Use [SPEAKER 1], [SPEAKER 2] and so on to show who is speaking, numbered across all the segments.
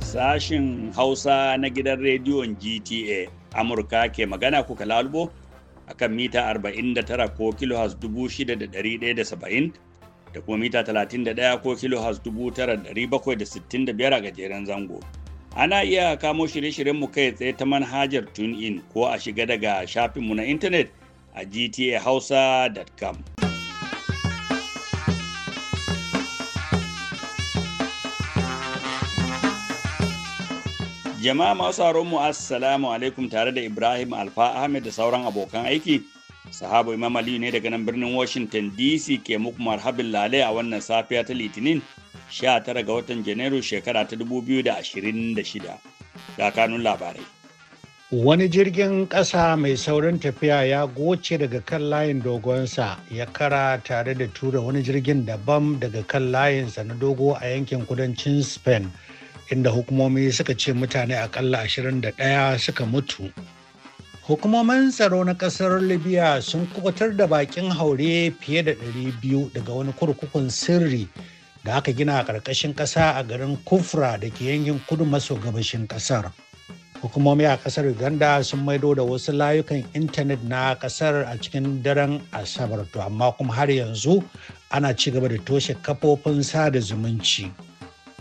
[SPEAKER 1] Sashin Hausa na gidan rediyon GTA Amurka ke magana kuka lalubo a kan mita 49 ko kilohas 6,170 da kuma mita 31 ko kilohas 9,765 a gajeren zango. Ana iya kamo shirye-shiryenmu kai tsaye ta manhajar TuneIn ko a shiga daga shafinmu na intanet a gtahausa.com. Jama'a masu mu assalamu alaikum tare da Ibrahim Alfa Ahmed da sauran abokan aiki. Sahabu Imam Ali ne daga nan birnin Washington DC ke muku marhabin lalai a wannan safiya ta Litinin 19 ga watan Janairu shekara ta 2026. Ga kanun labarai.
[SPEAKER 2] Wani jirgin ƙasa mai saurin tafiya ya goce daga kan layin dogonsa ya kara tare da tura wani jirgin daban daga kan layinsa na dogo a yankin kudancin Spain. inda hukumomi suka ce mutane akalla 21 suka mutu. Hukumomin tsaro na kasar Libya sun kubutar da bakin haure fiye da 200 daga wani kurkukun sirri da aka gina a ƙarƙashin ƙasa a garin Kufra da ke yankin kudu maso gabashin ƙasar. Hukumomi a ƙasar Uganda sun maido da wasu layukan intanet na ƙasar a cikin daren Asabar to amma kuma har yanzu ana ci gaba da toshe kafofin sada zumunci.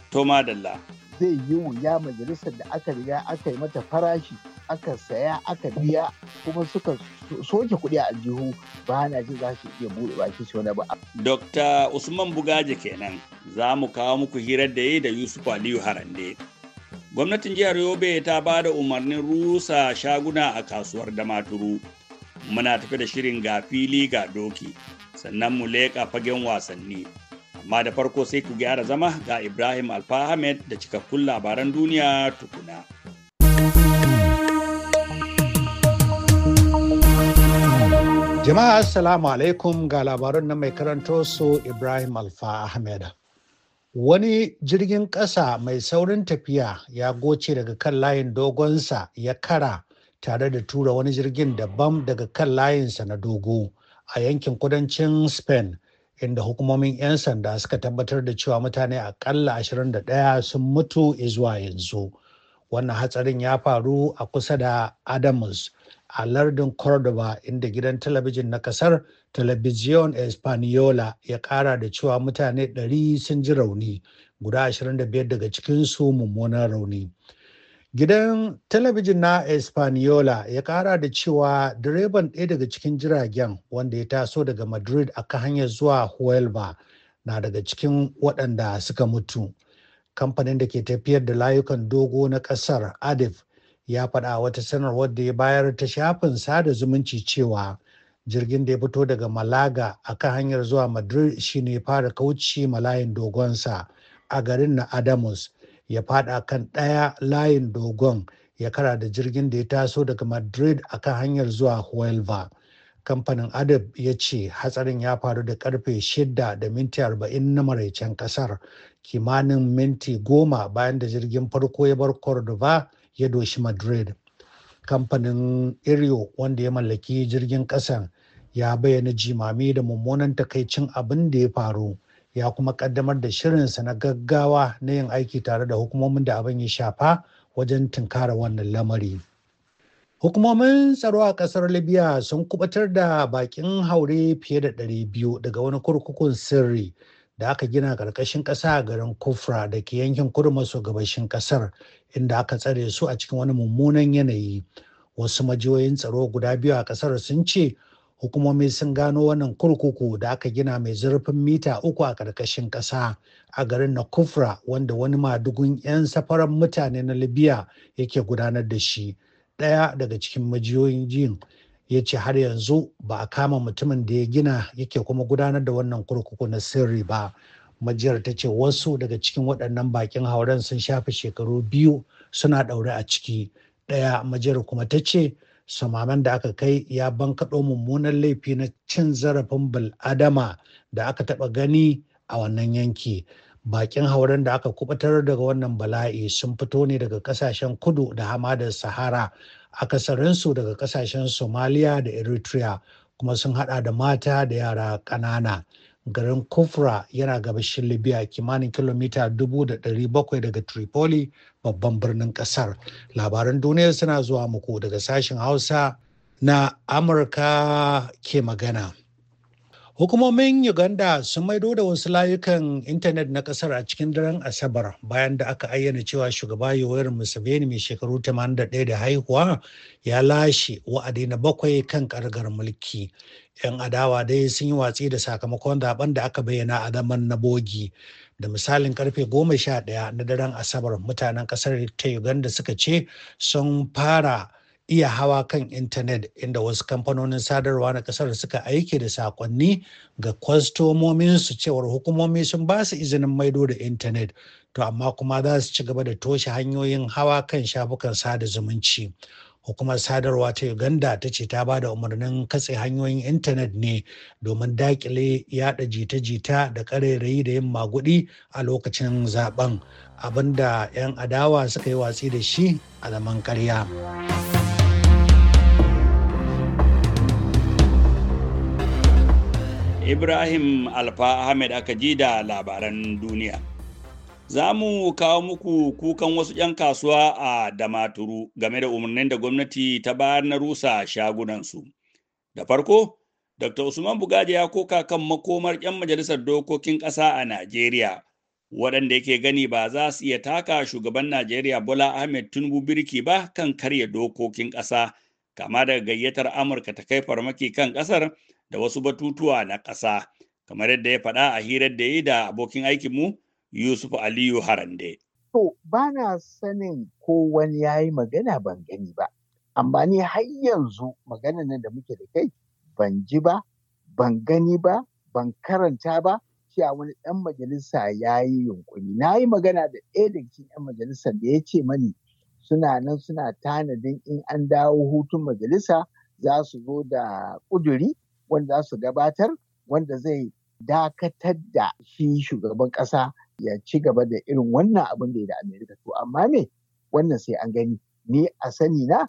[SPEAKER 3] Toma Dalla zai yi wuya majalisar da aka riga aka yi mata farashi aka saya aka biya kuma suka soke kuɗi a aljihu ba na ji za su iya buɗe baki shi wani ba.
[SPEAKER 1] Dr. Usman Bugaje kenan za mu kawo muku hirar da ya da Yusuf Aliyu Harande. Gwamnatin jihar Yobe ta ba da umarnin rusa shaguna a kasuwar Damaturu. Muna tafi da shirin ga fili ga doki, sannan mu leƙa fagen wasanni. amma da farko sai ku gyara zama ga Ibrahim Alfa Ahmed da cikakkun labaran duniya tukuna.
[SPEAKER 2] Jama'a Assalamu alaikum ga labarun na mai karanto su Ibrahim Alfa Ahmed. Wani jirgin ƙasa mai saurin tafiya ya goce daga kan layin dogonsa ya kara tare da tura wani jirgin daban daga kan layinsa na dogo a yankin kudancin Spain inda hukumomin 'yan sanda suka tabbatar da cewa mutane akalla 21 sun mutu zuwa yanzu wannan hatsarin ya faru a kusa da Adams a lardin cordoba inda gidan talabijin na kasar television espaniola ya kara da cewa mutane 100 sun ji rauni guda 25 daga cikinsu mummunan rauni Gidan talabijin na Espaniola ya kara da cewa direban ɗaya daga cikin jiragen wanda ya taso daga Madrid a kan hanyar zuwa Huelva na daga cikin waɗanda suka mutu. Kamfanin da ke tafiyar da layukan dogo na ƙasar Adif ya faɗa wata sanarwar da ya bayar ta shafin sada zumunci cewa jirgin da ya fito daga Malaga a kan hanyar zuwa Madrid shine fara kauce malayin dogonsa a garin na Adamus. ya fada kan ɗaya layin dogon ya kara da jirgin da ya taso daga madrid a kan hanyar zuwa huelva kamfanin adab ya ce hatsarin ya faru da karfe 6 da minti 40 na maraicen kasar kimanin minti goma bayan da jirgin farko ya bar cordova ya doshi madrid kamfanin irio wanda ya mallaki jirgin kasan ya bayyana jimami da mummunan takaicin abin da ya faru ya kuma kaddamar da shirinsa na gaggawa na yin aiki tare da hukumomin da abin ya shafa wajen tunkara wannan lamari. Hukumomin tsaro a ƙasar Libya sun kubatar da bakin haure fiye da ɗari biyu daga wani kurkukun sirri da aka gina ƙarƙashin ƙasa a garin Kufra da ke yankin kudu maso gabashin ƙasar inda aka tsare su a cikin wani mummunan yanayi. Wasu majiyoyin tsaro guda biyu a ƙasar sun ce hukumomi sun gano wannan kurkuku da aka gina mai zurfin mita uku a ƙarƙashin ƙasa a garin na kufra wanda wani madugun 'yan safaran mutane na libya yake gudanar da shi ɗaya daga cikin majiyoyin jin ya ce har yanzu ba a kama mutumin da ya gina yake kuma gudanar da wannan kurkuku na sirri ba majiyar ta ce wasu daga cikin waɗannan bakin hauren sun shafe shekaru biyu suna ɗaure a ciki ɗaya majiyar kuma ta ce samaman da aka kai ya bankaɗo mummunan laifi na cin zarafin bil'adama da aka taɓa gani a wannan yanki bakin hauren da aka kubutar daga wannan bala'i sun fito ne daga kasashen kudu da hamadar sahara akasarinsu daga kasashen somalia da eritrea kuma sun haɗa da mata da yara ƙanana garin kufra yana gabashin libya kimanin kilomita 700 daga tripoli babban birnin kasar labaran duniya suna zuwa muku daga sashen hausa na amurka ke magana hukumomin uganda sun maido da wasu layukan intanet na kasar a cikin daren asabar bayan da aka ayyana cewa shugaba yawar museveni mai shekaru 81 da haihuwa ya lashe wa'adi na bakwai kan kargar mulki 'yan adawa dai sun yi watsi da sakamakon zaben da aka bayyana a zaman na bogi da misalin karfe goma sha ɗaya na daren asabar mutanen kasar ta uganda suka ce sun fara iya hawa kan intanet inda wasu kamfanonin sadarwa na kasar suka aiki da sakonni ga kwastomominsu cewar hukumomi sun ba su izinin maido da intanet to amma kuma za su ci gaba da toshe hanyoyin hawa kan shafukan sada zumunci hukumar sadarwa ta uganda ta ce ta ba da umarnin katse hanyoyin intanet ne domin dakile yada jita-jita da karerayi da yin magudi a lokacin zaben abinda 'yan adawa suka yi watsi da shi a zaman karya.
[SPEAKER 1] ibrahim alfa ahmed aka ji da labaran duniya Za mu kawo muku kukan wasu 'yan kasuwa a Damaturu game da umarnin da gwamnati ta bayar na rusa shagunansu. Da farko, Dr. Usman Bugaji ya koka kan makomar 'yan majalisar dokokin ƙasa a Najeriya, waɗanda yake gani ba za su iya taka shugaban Najeriya Bola Ahmed Tinubu birki ba kan karya dokokin ƙasa, kama daga gayyatar Amurka ta kai farmaki kan ƙasar da wasu batutuwa na ƙasa. Kamar yadda ya faɗa a hirar da ya yi da abokin aikinmu, Yusuf Aliyu Harande.
[SPEAKER 3] To, ba na sanin ko wani ya yi magana ban gani ba, amma ni har yanzu magana nan da muke da kai ban ji ba, ban gani ba, ban karanta ba, cewa wani ɗan majalisa ya yi yunkuri. Na yi magana da ɗaya da cikin ɗan majalisar da ya ce mani suna nan suna tanadin in an dawo hutun majalisa za su zo da ƙuduri wanda za su gabatar wanda zai dakatar da shi shugaban ƙasa ya ci gaba da irin wannan abin da ya da Amerika to amma me wannan sai an gani ni a sani na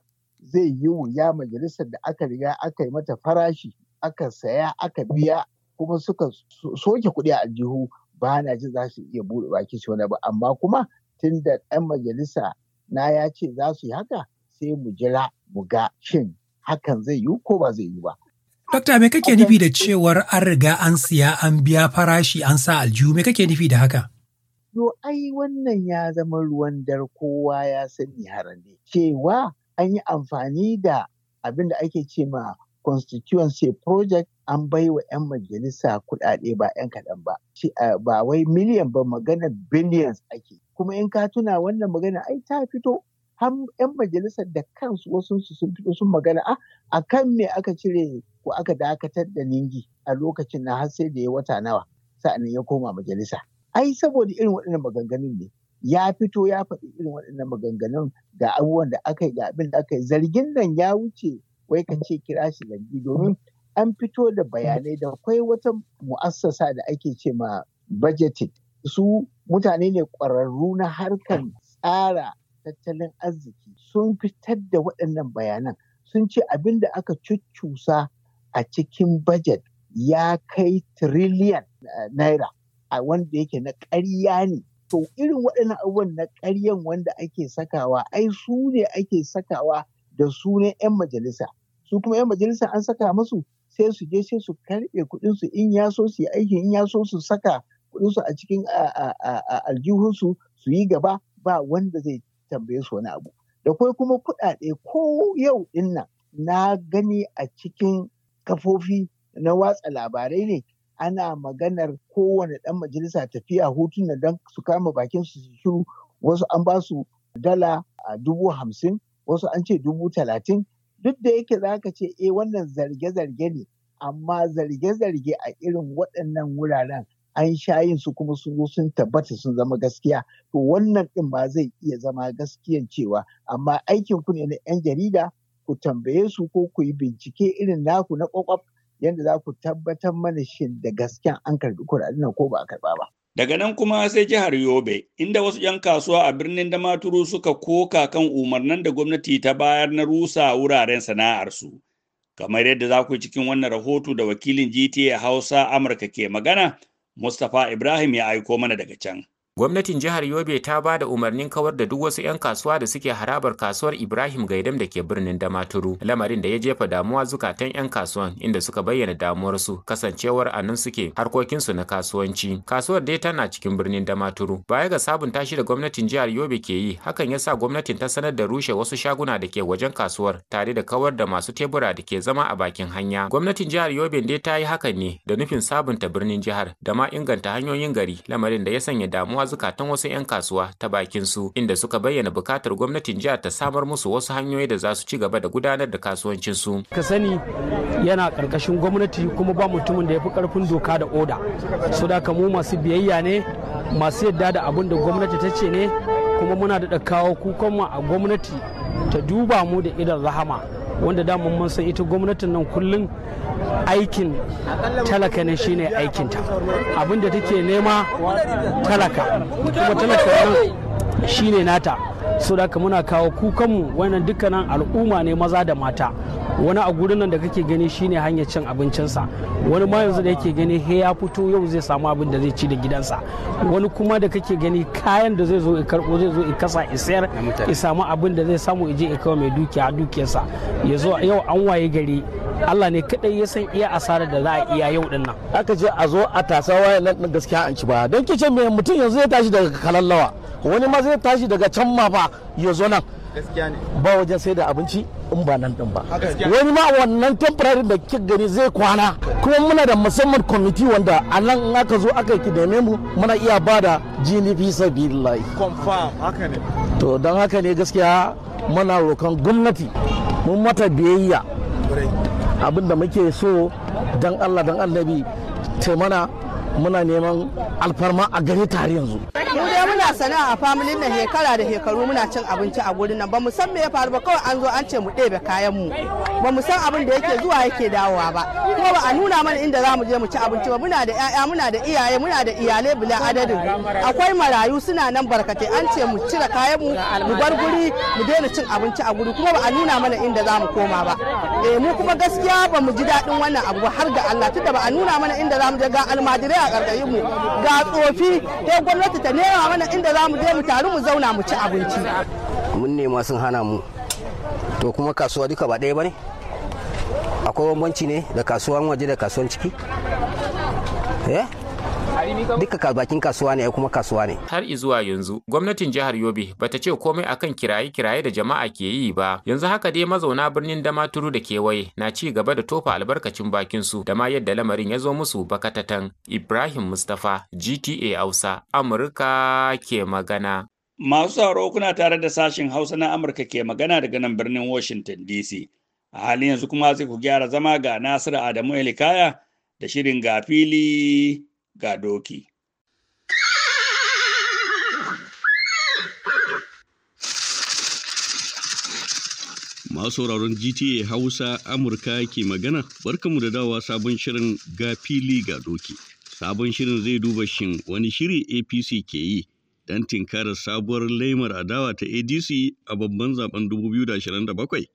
[SPEAKER 3] zai yi wuya majalisar da aka riga aka yi mata farashi aka saya aka biya kuma suka soke kuɗi a aljihu ba na ji za su iya buɗe baki su wani ba amma kuma tun da ɗan majalisa na ya ce za su yi haka sai mu jira mu ga shin hakan zai yi ko ba zai yi ba.
[SPEAKER 2] Dokta me kake nufi da cewar an riga an siya an biya farashi an sa aljihu me kake nufi da haka?
[SPEAKER 3] to ai wannan ya zama ruwan dare kowa ya sani harande cewa an yi amfani da abin da ake ce ma constituency project an bai wa 'yan majalisa kuɗaɗe ba 'yan kaɗan ba ba wai miliyan ba magana billions ake kuma in ka tuna wannan magana ai ta fito har 'yan majalisar da kansu wasu sun fito sun magana a ah, a kan me aka cire ko aka dakatar da ningi a lokacin na har sai da ya wata nawa sa'annan ya koma majalisa ai saboda irin waɗannan maganganun ne ya fito ya faɗi irin waɗannan maganganun ga abubuwan da aka yi ga abin da aka yi zargin nan ya wuce wai ka ce kira shi zargi domin an fito da bayanai da akwai wata mu'assasa da ake ce ma budgeting su mutane ne ƙwararru na harkar tsara tattalin arziki sun fitar da waɗannan bayanan sun ce abin da aka cuccusa a cikin budget ya kai tiriliyan eh, naira a wanda yake na ƙarya ne to irin waɗannan abubuwan na ƙaryan wanda ake sakawa ai su ne ake sakawa da sunan 'yan majalisa su kuma 'yan majalisa an saka masu sai su je sai su karɓe kuɗinsu in ya so su yi aiki in ya so su saka kuɗinsu a cikin aljihunsu su yi gaba ba wanda zai tambaye su wani abu da kwai kuma kuɗaɗe ko yau ɗin na gani a cikin kafofi na watsa labarai ne ana maganar kowane ɗan majalisa tafiya hutuna don su kama bakin su shiru wasu an ba su dala a dubu hamsin wasu an ce dubu talatin duk da yake za ka ce e wannan zarge-zarge ne amma zarge-zarge a irin waɗannan wuraren an sha yin su kuma sun sun tabbata sun zama gaskiya to wannan ɗin ba zai iya zama gaskiyan cewa amma aikin ku ne na 'yan jarida ku tambaye su ko ku yi bincike irin naku na kwakwaf yadda za ku tabbatar mana shin da gasken an karbi kuɗaɗen nan ko ba a karɓa ba.
[SPEAKER 1] Daga nan kuma sai jihar Yobe, inda wasu 'yan kasuwa a birnin Damaturu suka koka kan umarnin da gwamnati ta bayar na rusa wuraren sana'arsu. Kamar yadda za ku cikin wannan rahoto da wakilin GTA Hausa Amurka ke magana,
[SPEAKER 4] Mustapha Ibrahim ya aiko mana daga can. gwamnatin jihar yobe ta ba da umarnin kawar da duk wasu 'yan kasuwa da suke harabar kasuwar ibrahim gaidam da ke birnin damaturu lamarin da ya jefa damuwa zukatan 'yan kasuwan inda suka bayyana damuwarsu kasancewar a nan suke harkokinsu na kasuwanci kasuwar dai tana cikin birnin damaturu baya ga sabunta shi da gwamnatin jihar yobe ke yi hakan ya sa gwamnatin ta sanar da rushe wasu shaguna da ke wajen kasuwar tare da kawar da masu tebura da ke zama a bakin hanya gwamnatin jihar yobe dai ta yi hakan ne da nufin sabunta birnin jihar da ma inganta hanyoyin gari lamarin da ya sanya damuwa zukatan wasu 'yan kasuwa ta bakin su inda suka bayyana bukatar gwamnatin jihar ta samar musu wasu hanyoyi da za su ci gaba da gudanar da kasuwancin su.
[SPEAKER 1] Ka sani yana karkashin gwamnati kuma ba mutumin da ya fi karfin doka da oda. Su da mu masu biyayya ne masu yadda da abin da gwamnati ta ce ne kuma muna da kawo kukan a gwamnati ta duba mu da idan rahama wanda damun mun san ita gwamnatin nan kullum aikin talaka ne shine aikinta abinda take nema
[SPEAKER 5] talaka kuma talaka
[SPEAKER 1] shine nata so da ka muna kawo kukanmu wannan dukkanin al'umma ne maza da mata wani a gurin nan da kake gani shine hanyar cin abincinsa wani ma yanzu da yake gani he ya fito yau zai samu abin da zai ci da gidansa wani kuma da kake gani kayan da zai zo ya karbo zai zo ya kasa ya sayar ya samu abin da zai samu ije ya kawo mai dukiya dukiyarsa ya zo yau an waye gari Allah ne kadai ya san iya asarar da za a iya yau din nan
[SPEAKER 6] aka je a zo a tasa wayan nan gaskiya an ci ba don kicin mai mutum yanzu ya tashi daga kalallawa wani ma zai tashi daga can ma ba ya zo nan ba wajen sai da abinci in ba nan din ba wani ma wannan temporary da kika gani zai kwana kuma muna da musamman kwamiti wanda a nan in aka zo aka ki neme mu muna iya bada. da jini fi sabilillahi
[SPEAKER 2] confirm haka ne
[SPEAKER 6] to don haka ne gaskiya muna rokan gwamnati mun mata biyayya abin da muke so dan Allah dan annabi mana muna neman alfarma a gare tare yanzu mu
[SPEAKER 7] dai muna sana'a a familin nan hekara da hekaru. muna cin abinci a gurin nan ba mu san me ya faru ba kawai an zo an ce mu ɗebe kayan mu ba mu san abin da yake zuwa yake dawowa ba kuma ba a nuna mana inda za mu je mu ci abinci ba muna da ƴaƴa muna da iyaye muna da iyalai bila adadin akwai marayu suna nan barkatai an ce mu cire kayan mu mu bar guri mu daina cin abinci a guri kuma ba a nuna mana inda za mu koma ba eh mu kuma gaskiya ba mu ji daɗin wannan abu ba har ga Allah tunda ba a nuna mana inda za mu je ga almajirai ƙarƙashin mu ga tsofi ta gwamnati ta nema mana inda za mu je mu taru mu zauna mu ci abinci
[SPEAKER 8] mun nema sun hana mu to kuma kasuwa duka ba ɗaya ba ne akwai bambanci ne da kasuwan waje da kasuwan ciki eh? duka bakin kasuwa ne kuma kasuwa ne
[SPEAKER 4] har zuwa yanzu gwamnatin jihar yobe bata ce komai akan kiraye kiraye da jama'a ke yi ba yanzu haka dai mazauna birnin damaturu da kewaye na ci gaba da tofa albarkacin bakin su da ma yadda lamarin ya zo musu bakatatan ibrahim mustapha gta hausa amurka ke magana Masu tsaro
[SPEAKER 1] kuna tare da sashin Hausa na Amurka ke magana daga nan birnin Washington DC. A halin yanzu kuma sai ku gyara zama ga Nasiru Adamu Elikaya da shirin ga fili ga doki.
[SPEAKER 9] Masu sauraron GTA Hausa Amurka ke magana, barkamu da dawa sabon shirin ga fili ga doki. Sabon shirin zai duba shin wani shiri APC ke yi don tinkarar sabuwar laimar adawa ta ADC a babban zaben 2027.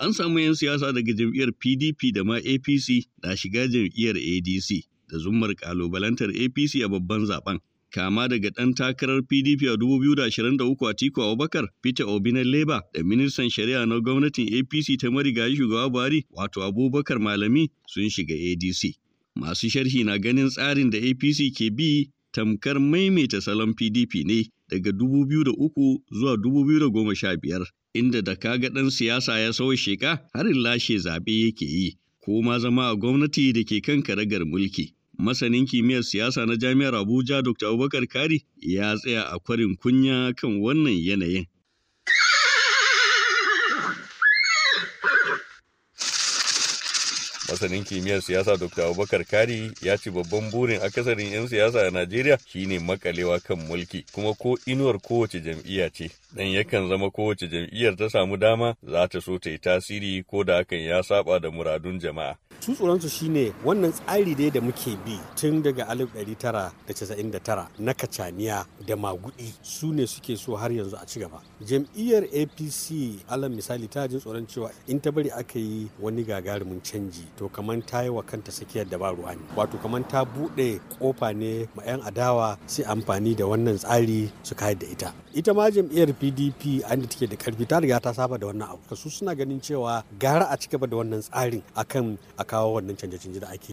[SPEAKER 9] An samu 'yan siyasa daga jam'iyyar PDP da ma APC na shiga jam'iyyar ADC. da zummar kalubalantar APC a babban zaben. Kama daga ɗan takarar PDP a 2023 Atiku Abubakar, Peter Obi na Leba da ministan shari'a na gwamnatin APC ta marigayi shugaba Buhari wato Abubakar Malami sun shiga ADC. Masu sharhi na ganin tsarin da APC ke bi tamkar maimaita salon PDP ne daga 2003 zuwa 2015 inda da kaga ɗan siyasa ya sau sheka harin lashe zaɓe yake yi ko ma zama a gwamnati da ke kan karagar mulki. masanin kimiyyar siyasa na jami'ar Abuja Dr. Abubakar Kari ya tsaya a kwarin kunya kan wannan yanayin. masanin kimiyyar siyasa dr abubakar kari ya ce babban burin akasarin 'yan siyasa a najeriya shine makalewa kan mulki kuma ko inuwar kowace jam'iyya ce dan yakan zama kowace jam'iyyar ta samu dama za ta so ta yi tasiri ko da hakan ya saba da muradun jama'a su tsoronsu shine wannan tsari dai da muke bi tun daga 1999 na kacaniya da magudi su ne suke so har yanzu a ci gaba jam'iyyar apc alan misali ta jin tsoron cewa in ta bari aka yi wani gagarumin canji to kamar ta yi wa kanta sakiyar da ruwa ne wato kamar ta buɗe kofa ne ma 'yan adawa sai amfani da wannan tsari su kayar da ita ita ma jam'iyyar pdp an da take da karfi ta riga ta saba da wannan abu su suna ganin cewa gara a ci gaba da wannan tsarin akan kawo wannan canje-canje da ake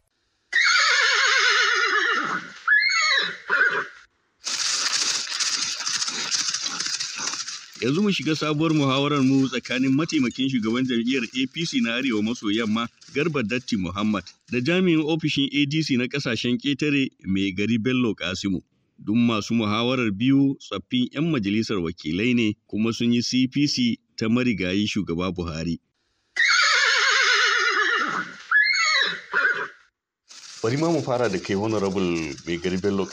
[SPEAKER 9] yanzu mu shiga sabuwar muhawarar mu tsakanin mataimakin shugaban jam'iyyar apc na arewa maso yamma garba datti muhammad da jami'in ofishin adc na kasashen ƙetare mai gari bello kasimu duk masu muhawarar biyu tsaffin 'yan majalisar wakilai ne kuma sun yi cpc ta marigayi shugaba buhari bari ma mu fara da kai honorable mai gari bello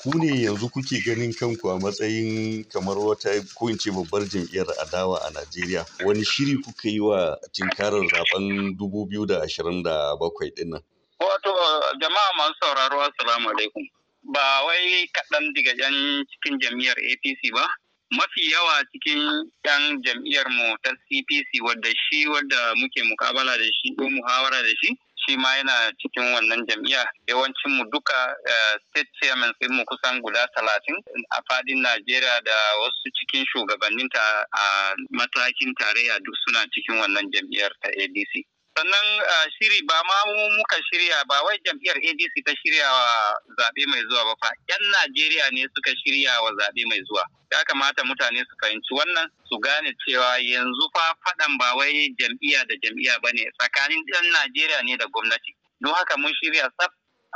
[SPEAKER 9] ku ne yanzu kuke ganin kanku a matsayin kamar wata ko in ce babbar jam'iyyar adawa a najeriya wani shiri kuka yi wa tinkarar zaben 2027 din nan wato
[SPEAKER 8] jama'a masu sauraro assalamu alaikum ba wai kaɗan daga yan cikin jam'iyyar apc ba mafi yawa cikin yan jam'iyyar mu ta cpc wadda shi wadda muke mukabala da shi ko muhawara da shi shi ma yana cikin wannan jam'iyya yawancin mu duka eh, state chairman sai mu kusan guda talatin a fadin Najeriya da wasu cikin shugabannin ta a matakin tarayya duk suna cikin wannan jam'iyyar ta ADC. sannan shiri ba ma muka shirya ba wai jam'iyyar adc ta shirya wa zaɓe mai zuwa ba fa yan najeriya ne suka shirya wa zaɓe mai zuwa ya kamata mutane su fahimci wannan su gane cewa yanzu fa faɗan ba wai jam'iyya da jam'iyya ba ne tsakanin yan najeriya ne da gwamnati don haka mun shirya tsaf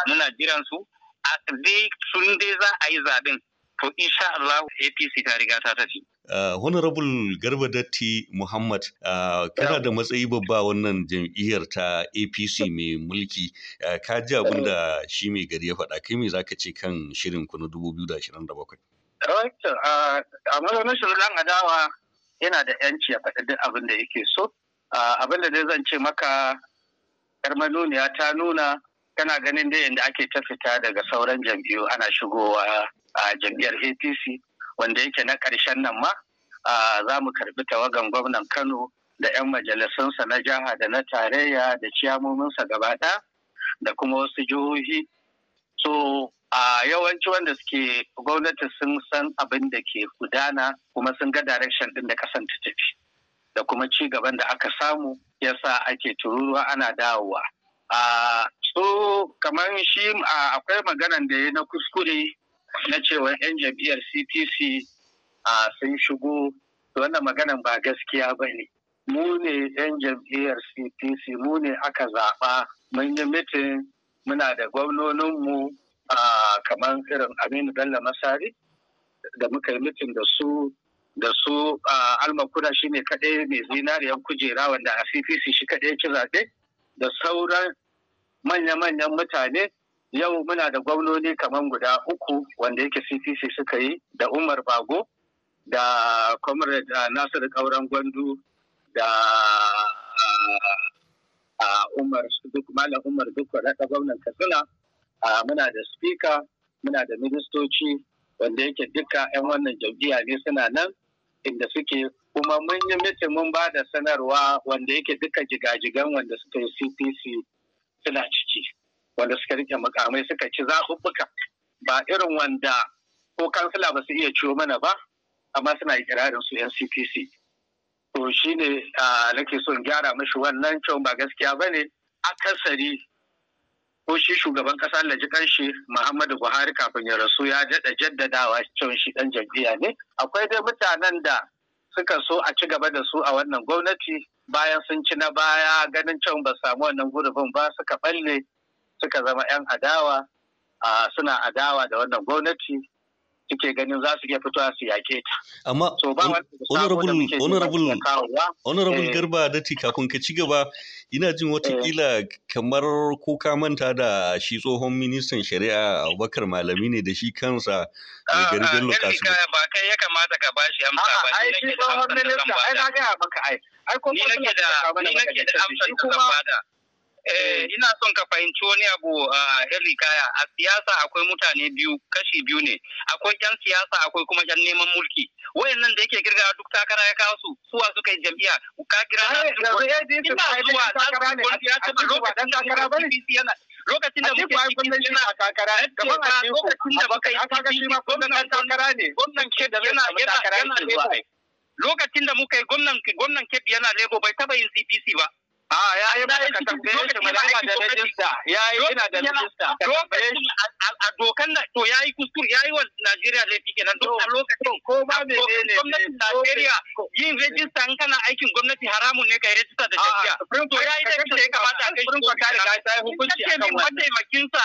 [SPEAKER 8] muna jiran su a dai sun dai za a yi zaɓen to insha Allah APC ta riga ta tafi
[SPEAKER 9] Eh, honorable garba datti muhammad eh, kana da matsayi babba wannan jam'iyyar ta apc mai mulki eh, ka ji abin da shi mai gari ya faɗa kai me za ka ce kan shirin ku na 2027 a
[SPEAKER 8] shirin shirgan adawa yana da yanci a faɗi duk abin da yake so abin da zan ce maka 'yar manuniya ta nuna kana ganin da yadda ake ta fita daga sauran jam'iyyu ana shigowa a jam'iyyar apc wanda yake na ƙarshen nan ma za mu karɓi tawagan gwamnan Kano da 'yan majalisunsa na jiha da na tarayya da ciyamominsa gaba da kuma wasu jihohi. So a yawanci wanda suke gwamnati sun san abin da ke gudana kuma sun ga direction ɗin da kasan ta tafi da kuma ci gaban da aka samu yasa ake tururuwa ana dawowa. so kamar shi akwai maganan da ya na kuskure na cewa 'yan jam'iyyar CPC sun shigo wannan maganan ba gaskiya ba ne. Mu ne 'yan jam'iyyar CPC mu ne aka zaɓa mun yi mitin muna da gwamnoninmu kamar irin Aminu Bello Masari da muka yi mitin da su da su shi ne kaɗai mai zinariyar kujera wanda a CPC shi kaɗai ci zaɓe da sauran manya-manyan mutane yau muna da gwamnoni kamar guda uku wanda yake cpc suka yi da umar bago da comrade ah, nasiru kauran gwandu da ah, ah, umar duk malam umar duk wadanda gwamnan katsina muna da speaker muna da ministoci wanda yake duka 'yan wannan jam'iyya ne suna nan inda suke kuma mun yi mitin mun ba da sanarwa wanda yake duka jigajigan wanda suka yi cpc suna ciki wanda suka rike makamai suka ci zaɓuɓɓuka ba irin wanda ko kansila ba su iya ciwo mana ba amma suna ikirarin su ncpc to shine nake son gyara mashi wannan cewa ba gaskiya ba ne akasari ko shi shugaban kasa laji kanshi muhammadu buhari kafin ya rasu ya daɗa jaddadawa cewa shi dan jam'iyya ne akwai dai mutanen da suka so a ci gaba da su a wannan gwamnati bayan sun ci na baya ganin cewa ba samu wannan gurbin ba suka balle suka zama 'yan adawa suna adawa da wannan gwamnati suke ganin za su iya fitowa su yake ta.
[SPEAKER 9] Amma honorable eh. garba da ti kafin ka ci gaba ina jin watakila eh. kamar ko ka manta da shi tsohon ministan shari'a bakar Malami ne da shi kansa Da, ah, garibin ah, Bello Kasim. Ba kai ya kamata
[SPEAKER 8] ka bashi amsa ba ni nake da amsar da zan bada. Ai ko ni nake da amsa da zamba da, Eh, ina son ka fahimci wani abu a ah, Kaya. A siyasa akwai mutane biyu, kashi biyu ne. Akwai 'yan siyasa, akwai kuma 'yan neman mulki. Wayannan da yake girga duk takara ya kawo su, suwa suka yi jam'iyya. Ka kira na ina zuwa takara ne a lokacin takara bane. Lokacin da muke cikin suna a kakara, gaban a lokacin da muka yi cikin gwamnan takara ne. Gwamnan ke da yana takara ne. Lokacin da muke yi gwamnan gwamnan Kebbi yana lebo bai taba yin CPC ba. A ah, ya yi mana ka tambaye shi da rajista ya yi ina da rajista a dokan na to ya yi kuskure. ya yi wa Najeriya laifi kenan duk a lokacin ko ba me ne gwamnatin Najeriya yin rajista in kana aikin gwamnati haramun ne yi rajista da shari'a to ya yi da ya kamata a kai shi ko ka riga ta yi hukunci akan wannan mataimakin sa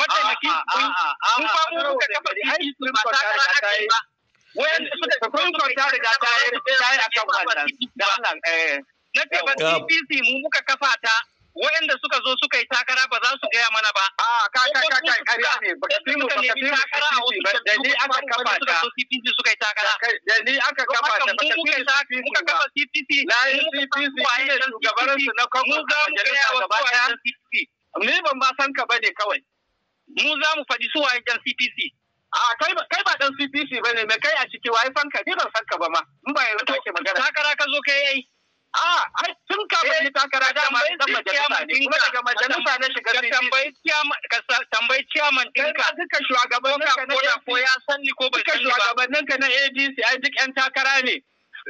[SPEAKER 8] mataimakin kun fa mu muka kafa shi ba ta ka ba wayan suka kun ko ta riga ta yi akan wannan da Allah eh Na ce ba CPC mu muka kafa ta waɗanda suka zo suka yi takara ba za su gaya mana ba. A ka ka ka ka kariya ne ba ka mu ba ka mu takara a wasu da ni aka kafa ta. CPC suka yi takara. Da ni aka kafa ta Mu ka muka ta muka kafa CPC. Na yi CPC ne shugaban su na kwamfan da majalisa gaba cpc. Ni ban ba san ka ba ne kawai. Mu za mu faɗi su waye jan CPC. A kai ba dan CPC ba ne mai kai a ciki waye fanka ni ban san ka ba ma. In ba yanzu kake magana. Takara ka zo kai ai. a tun kafin eh, ni takara da ma dan majalisa ne kuma daga majalisa na shiga ka tambayi ka tambayi chairman dinka duka shugabannin ka ko ko ya sanni ko ba shugabannin ka na ADC ai duk yan takara ne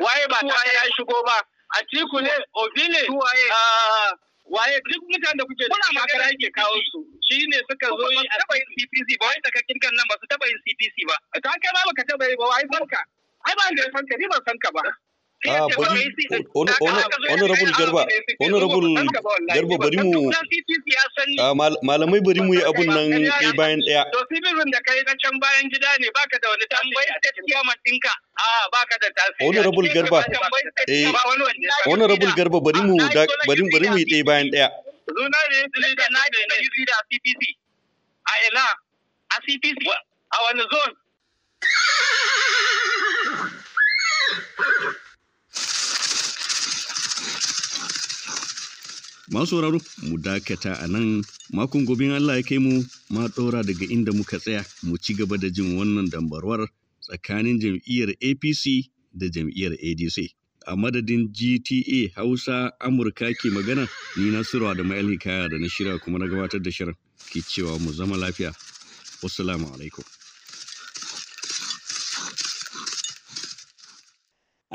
[SPEAKER 8] waye ba ta ya shigo ba a tiku ne obi ne ah, waye duk mutanen da kuke da takara yake kawo su shi ne suka zo yi a CPC ba wai daga kirgan nan ba su taba yin CPC ba ta kai ma baka taba yi ba wai sanka ai ba san ka, ni ban ka ba
[SPEAKER 9] Ah, bari honorable garba bari mu ah, malamai bari mu yi abun nan ɗaya bayan ɗaya. To
[SPEAKER 8] da kai can bayan gida ne baka da wani tambayi a gaskiya matinka. Ah, baka da
[SPEAKER 9] tasiri. Honorable garba eh, garba bari mu ah, yi ɗaya bayan ɗaya.
[SPEAKER 8] Zuna ne da na da a CPC. A ina a CPC a wani zon.
[SPEAKER 9] masu sauraro mu dakata a nan makon gobe Allah ya kai mu ma ɗora daga inda muka tsaya mu ci gaba da jin wannan dambarwar tsakanin jam'iyyar APC da jam'iyyar ADC. A madadin GTA Hausa Amurka ke magana ni Nasiru da Ma'al Hikaya da na shirya kuma na gabatar da shirin ke cewa mu zama lafiya. Wassalamu alaikum.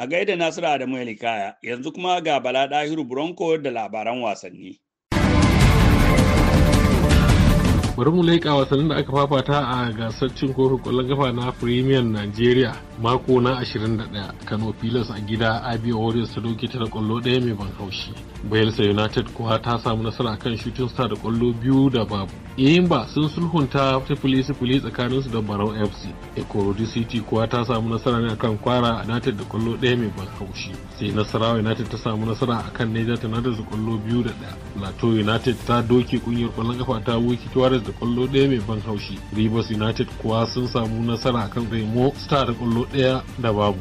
[SPEAKER 1] A gaida Nasiru Adamu Elikaya, yanzu kuma ga Bala Dahiru, Bronco da labaran wasanni.
[SPEAKER 5] bari mu leƙa wasannin da aka fafata a gasar cin kofin ƙwallon kafa na premier nigeria mako na 21 kano pilas a gida Abi warriors ta doke ta da ƙwallo ɗaya mai ban haushi bayelsa united kuwa ta samu nasara kan shooting star da ƙwallo biyu da babu ba sun sulhunta ta fili-sifili tsakaninsu da Barau FC. Ekorodi City kuwa ta samu nasara ne akan Kwara United da kwallo ɗaya mai ban haushi. Sai Nasarawa United ta samu nasara akan Niger Tornadoes da kwallo biyu da ɗaya. Plateau United ta doke kungiyar kwallon kafa ta wuki Tuwares da kwallo ɗaya mai ban haushi. Rivers United kuwa sun samu nasara akan Remo Star da kwallo daya da babu.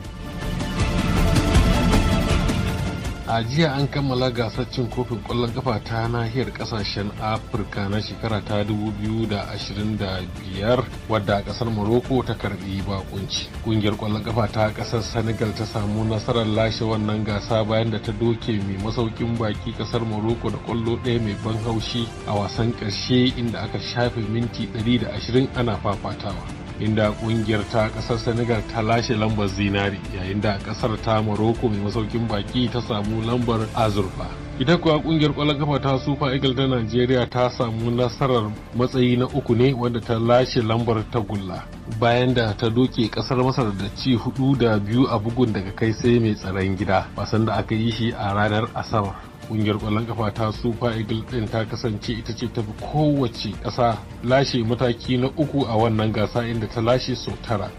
[SPEAKER 5] a jiya an kammala gasar cin kofin kwallon kafa ta nahiyar kasashen afirka na shekara ta 2025 wadda a kasar morocco ta karbi bakunci ƙungiyar kwallon kafa ta kasar senegal ta samu nasarar lashe wannan gasa bayan da ta doke mai masaukin baki kasar morocco da kwallo ɗaya mai ban haushi a wasan ƙarshe inda aka shafe minti 120 ana fafatawa inda kungiyar ta kasar senegal ta lashe lambar zinari yayin da kasar ta morocco mai masaukin baki ta samu lambar azurfa ita kuwa kungiyar kwallon kafa ta super eagle ta nigeria ta samu nasarar matsayi na uku ne wanda ta lashe lambar tagulla bayan da ta doke kasar masar da ci hudu da biyu a bugun daga kai sai mai tsaron gida wasan da aka yi shi a ranar asabar kungiyar kwallon kafa ta super eagle din ta kasance ita ce ta fi kowace kasa lashe mataki na uku a wannan gasa inda ta lashe sau tara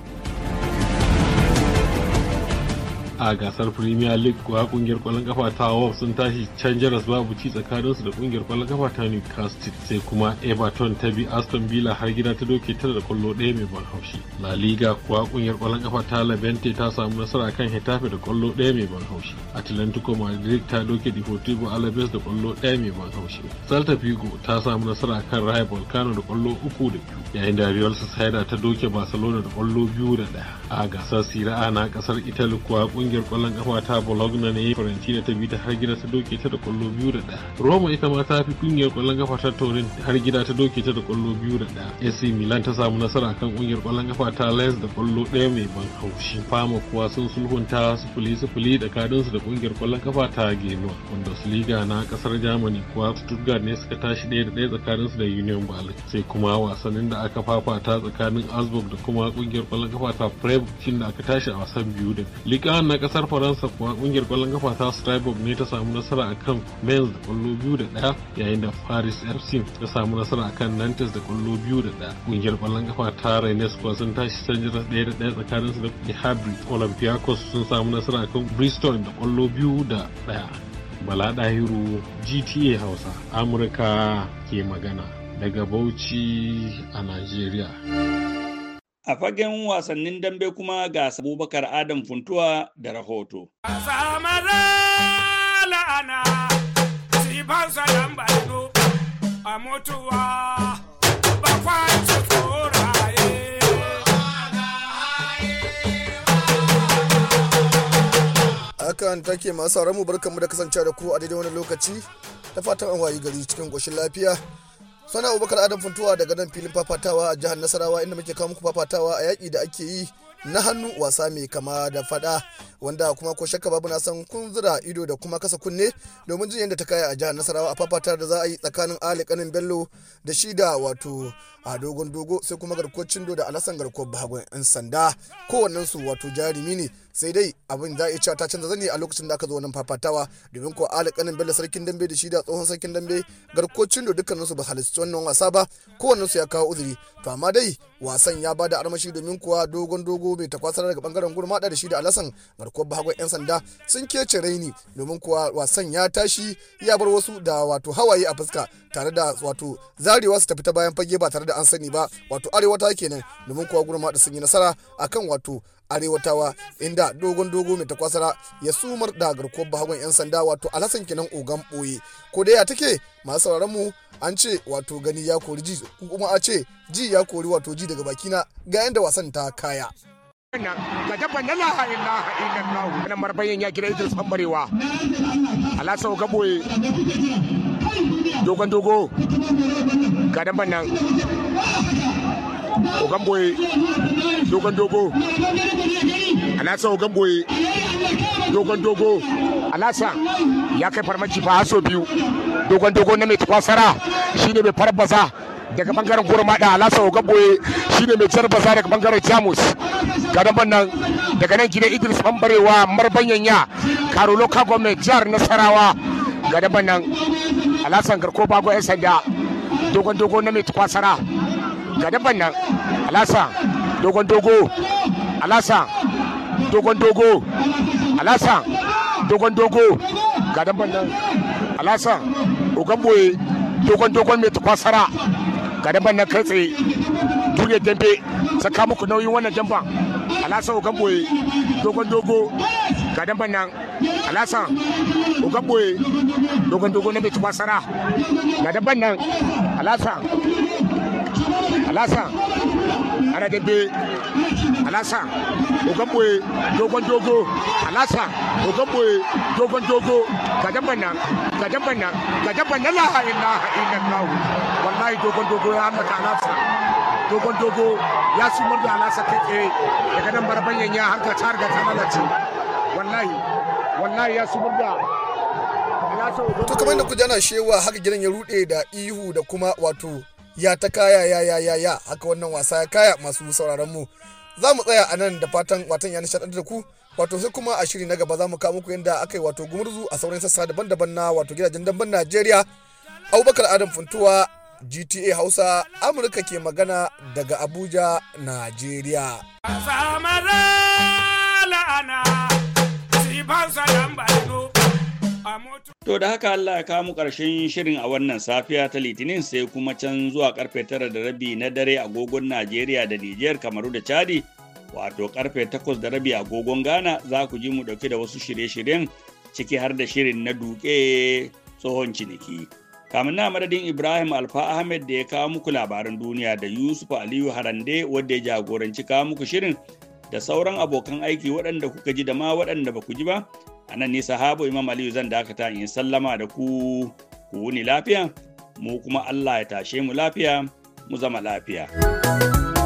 [SPEAKER 5] a gasar premier league kuwa kungiyar kwallon kafa ta wolves sun tashi can jaras babu ci tsakaninsu da kungiyar kwallon kafa ta newcastle sai kuma everton ta bi aston villa har gida ta doke tara da kwallo ɗaya mai ban haushi la liga kuwa kungiyar kwallon kafa ta labente ta samu nasara kan hetafe da kwallo ɗaya mai ban haushi atlantico madrid ta doke deportivo alaves da kwallo ɗaya mai ban haushi celta vigo ta samu nasara kan rayo volcano da kwallo uku da biyu yayin da real sociedad ta doke barcelona da kwallo biyu da ɗaya a gasar sira na kasar italy kuwa kungiyar kungiyar kwallon kafa ta bologna ne da ta bi ta har gida ta doke ta da kwallo biyu da ɗaya roma ita ma ta fi kungiyar kwallon kafa ta turin har gida ta doke ta da kwallo biyu da ɗaya ac milan ta samu nasara kan kungiyar kwallon kafa ta lens da kwallo ɗaya mai ban haushi fama kuwa sun sulhunta sufuli sufuli tsakaninsu da kungiyar kwallon kafa ta genoa bundesliga na kasar germany kuwa stuttgart ne suka tashi ɗaya da ɗaya tsakaninsu da union berlin sai kuma wasannin da aka fafata tsakanin asburg da kuma kungiyar kwallon kafa ta freiburg da aka tashi a wasan biyu da liga na kasar faransa kuwa kungiyar kwallon kafa ta strasbourg ne ta samu nasara akan mainz da kwallo biyu da daya yayin da paris fc ta samu nasara akan nantes da kwallo biyu da daya kungiyar kwallon kafa ta rennes kuwa sun tashi canjin daya da daya tsakanin su da habri olympiacos sun samu nasara akan bristol da kwallo biyu da daya bala dahiru gta hausa amurka ke magana daga bauchi a nigeria
[SPEAKER 1] A fagen wasannin dambe kuma ga Abubakar Adam Funtuwa da rahoto.
[SPEAKER 6] a mutuwa
[SPEAKER 7] take masu mu barkanmu da kasancewa da ku a daidai wani lokaci ta fatan an wayi gari cikin ƙoshin lafiya. sana abubakar adam funtuwa daga nan filin fafatawa a jihar nasarawa inda muke kawo muku fafatawa a yaƙi da ake yi na hannu wasa mai kama da fada wanda kuma ko shakka babu na san kun zura ido da kuma kasa kunne domin jin yadda ta kaya a jihar nasarawa a fafatar da za a yi tsakanin ali kanin bello da shida wato a dogon dogo sai kuma garkuwar cindo da alasan garkuwar bagon yan sanda kowannensu wato jarumi ne sai dai abin za a cewa ta canza zane a lokacin da aka zo wannan fafatawa domin ko alƙanin bello sarkin dambe da shi da tsohon sarkin dambe garkocin da dukkaninsu ba halittu wannan wasa ba su ya kawo uzuri to amma dai wasan ya bada armashi domin kuwa dogon dogo mai takwasar daga bangaren gurma da shi da alasan garkuwar bahagon yan sanda sun kece raini domin kuwa wasan ya tashi ya bar wasu da wato hawaye a fuska tare da wato zarewa su tafi ta bayan fage ba tare da an sani ba wato arewa ta kenan domin kuwa gurma da sun yi nasara akan wato arewatawa inda dogon dogo mai takwasara ya sumar da garkuwar bahagon 'yan sanda wato alhassan kenan ogan boye ko da ya take masu sauraron mu an ce wato gani ya kori ji kuma a ce ji ya kori wato ji daga bakina ga yadda wasan ta kaya
[SPEAKER 6] na ya Idris dogon dogo ga dabban ogamboye dogon dogo alasa ogamboye dogon dogo alasa ya kai farmaci fa haso biyu dogon dogo na mai tukwasara shine mai farbaza daga bangaren gurmada alasa ogamboye shine mai jarbaza daga bangaren jamus gaban nan daga nan gidan idris bambarewa ya karolo local government jihar nasarawa gaban nan alasan garko bago yan sanda dogon dogo na mai tukwasara ga dabban nan alasa dogon dogo alasa dogon dogo alasa dogon dogo ga dabban nan alasa ogan boye dogon dogon mai tukwasara ga dabban nan kai tsaye duniya dambe saka muku nauyin wannan damban alasa ogan boye dogon dogo ga dabban nan alasa ogan boye dogon dogo na mai tukwasara ga dabban nan alasa alasan aradebe alasan ogamboye dogon dogo alasan ogamboye dogon dogo ka bannan gajan bannan gajan bannan la ilaha illallah wallahi dogon dogo ya mata alasan dogon dogo ya sumar da alasa kai ke daga nan barbanyan ya harka ta harka ta lalace
[SPEAKER 7] wallahi wallahi ya sumar da to kamar da ku jana shewa haka gidan ya rude da ihu da kuma wato ya ta kaya ya ya ya ya haka wannan wasa ya kaya masu sauraron mu za mu tsaya a nan da fatan watan ya nishaɗantar da ku wato sai kuma a shiri na gaba za mu kawo muku yadda aka yi wato gumurzu a sauran sassa daban-daban na wato gidajen damben najeriya abubakar adam funtuwa gta hausa amurka ke magana daga abuja najeriya
[SPEAKER 6] la'ana
[SPEAKER 1] To da haka Allah ya kamu ƙarshen shirin a wannan safiya ta Litinin sai kuma can zuwa karfe tara da rabi na dare agogon Najeriya da Nijiyar Kamaru da Chadi wato karfe takwas da rabi agogon Ghana za ku ji mu ɗauki da wasu shirye-shiryen ciki har da shirin na duƙe tsohon ciniki. Kamin na madadin Ibrahim Alfa Ahmed da ya kawo muku labaran duniya da Yusuf Aliyu Harande wadda ya jagoranci kawo muku shirin da sauran abokan aiki waɗanda kuka ji da ma waɗanda ba ku ji ba a nan ni sahabo imam aliyu zan dakata in sallama da ku ku wuni lafiya mu kuma allah ya tashe mu lafiya mu zama lafiya.